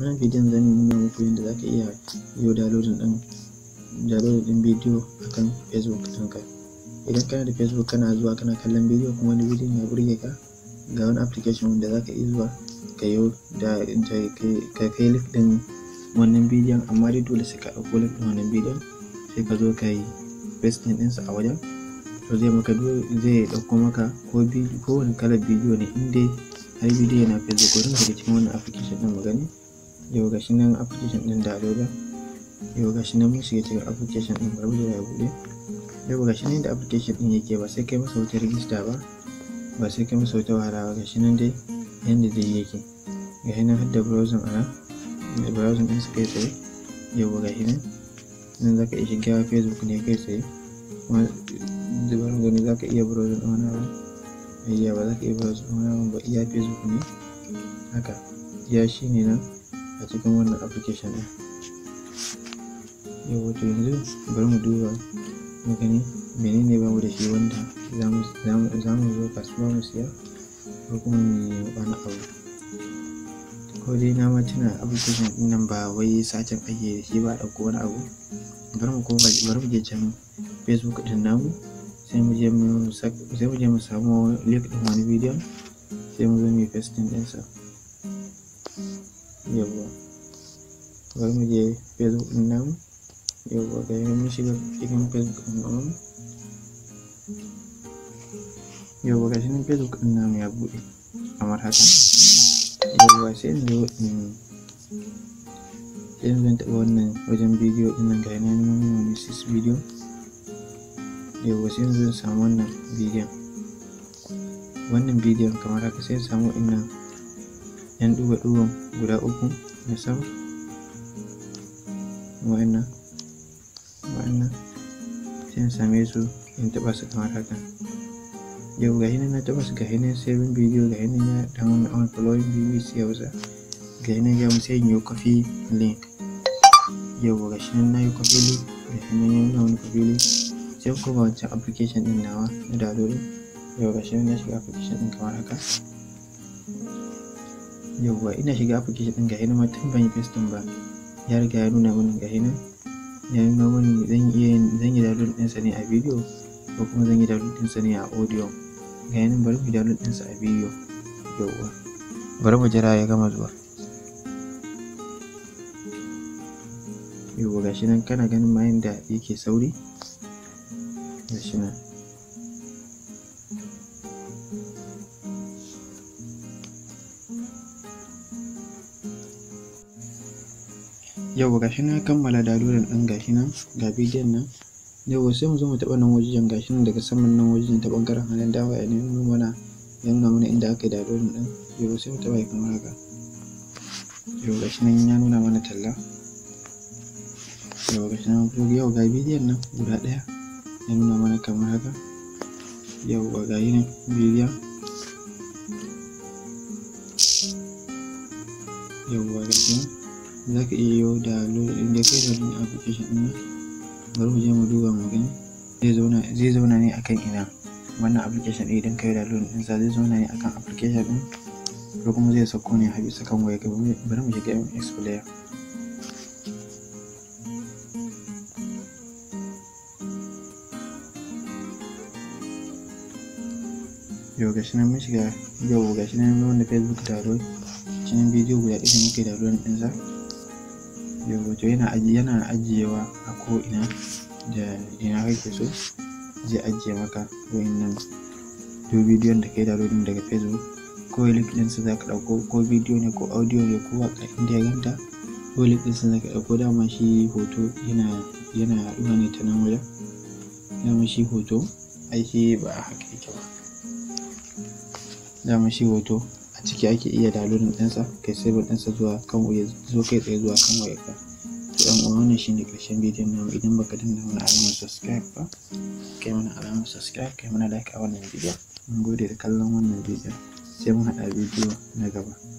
wannan bidiyon zan nuna muku yadda za ka iya yi downloading ɗin downloading ɗin bidiyo a kan facebook ɗinka idan kana da facebook kana zuwa kana kallon bidiyo kuma wani bidiyon ya burge ka ga wani application wanda za ka iya zuwa ka yi da ka kai link ɗin wannan bidiyon amma dai dole sai ka ɗauko link ɗin wannan bidiyon sai ka zo ka yi pasting ɗinsa a wajen to zai maka zai ɗauko maka ko kowane kalar bidiyo ne in dai har bidiyo yana facebook wurin daga cikin wannan application ɗin mu gani yau ga shi nan application ɗin da loda yau ga shi nan mun shiga cikin application ɗin bari da ya buɗe yau ga shi nan da application ɗin yake ba sai kai masa wata rijista ba ba sai kai masa wata wahala ba ga shi nan dai yanda dai yake ga shi nan har da browsing a nan da browsing ɗin su kai tsaye yau ga shi nan nan za ka iya shiga facebook ne kai tsaye kuma dabarun gani za ka iya browsing ɗin wani abu iya ba za ka iya ba su ba iya facebook ne haka ya shi ne nan a cikin wannan application ɗin yau wato yanzu bari mu duba mu gani menene ba mu da shi wanda za mu zo kasuwa mu siya ko kuma mu yi wani abu ko dai na ma tuna application ɗin nan ba wai sacin ake da shi ba ɗauko wani abu bari mu koma bari mu je can facebook ɗin namu sai mu je mu samu link ɗin wani bidiyon sai mu zo mu yi pasting ɗinsa yawwa bari mu je facebook din ya yawwa ga yi mun shiga cikin facebook din namu yawwa ga shi facebook din ya bu, kamar haka ya sai in zo in ini zan taɓa wannan wajen bidiyo ɗin nan ga yi nan mun misis bidiyo yawwa sai in warna video samu wannan kamar haka sai in samu 'yan duba ɗigon guda uku na sama wa'annan wa'annan sai na same su in taɓa su kamar haka yau ga hinan na taɓa su ga hinan saving video ga hinan ya dama na on following bbc hausa ga hinan ya musa yin yau kafi link yau ga shi nan na yi kafi link ga hinan ya nuna wani kafi link sai kuma wancan application din nawa na download yau ga shi nan na shiga application din kamar haka yauwa ina shiga application ɗin gahi nan ma tun ban yi festin ba ya riga ya nuna mini gahi nan ya nuna mini zan iya zan yi download ɗinsa ne a bidiyo ko kuma zan yi download ɗinsa ne a audio gahi nan bari mu yi download ɗinsa a bidiyo yauwa bari mu jira ya gama zuwa yauwa gashi nan kana ganin ma yanda yake sauri gashi nan yau gashi na kammala daruran ɗin gashi nan ga bidiyon nan yau sai mu zo mu taɓa nan wajen gashi nan daga saman nan wajen ta ɓangaren hannun dama ya nuna mana ya nuna mana inda aka yi daruran ɗin yau sai mu taɓa kamar haka yau gashi nan ya nuna mana talla yau gashi nan yau ga bidiyon nan guda ɗaya ya nuna mana kamar haka yau ga yi nan bidiyon yau ga gashi nan za ka iya yau da da kai da wani application ɗin nan bari mu je mu duba mu gani zai zauna zai zauna ne akan ina wannan application ɗin idan kai da loan din sa zai zauna ne akan application ɗin ko kuma zai sauko ne har bisa kan waya bari mu shiga MX player yau ga shinan mun shiga yau ga shinan wanda facebook taro cikin bidiyo guda ɗaya muke da ruwan ɗinsa ajiye hoto yana yana ajiyewa a ko'ina da ina kake so zai ajiye maka wa'innan duk bidiyon da kai downloading daga facebook ko link ɗinsa za ko bidiyo ne ko audio ne ko waƙa inda ya ganta ko link ɗinsa za ka ɗauko dama shi hoto yana yana ne ta nan wajen dama shi hoto ai shi ba a haka ba dama shi hoto a ciki ake iya dalilin ɗinsa kai saving ɗinsa zuwa kan ya zo kai tsaye zuwa kan ka to ɗan uwa wannan shine ƙarshen bidiyon namu idan baka danna mana alamar subscribe ba kai mana alamar subscribe kai mana like a wannan bidiyon mun gode da kallon wannan bidiyon sai mun haɗa bidiyo na gaba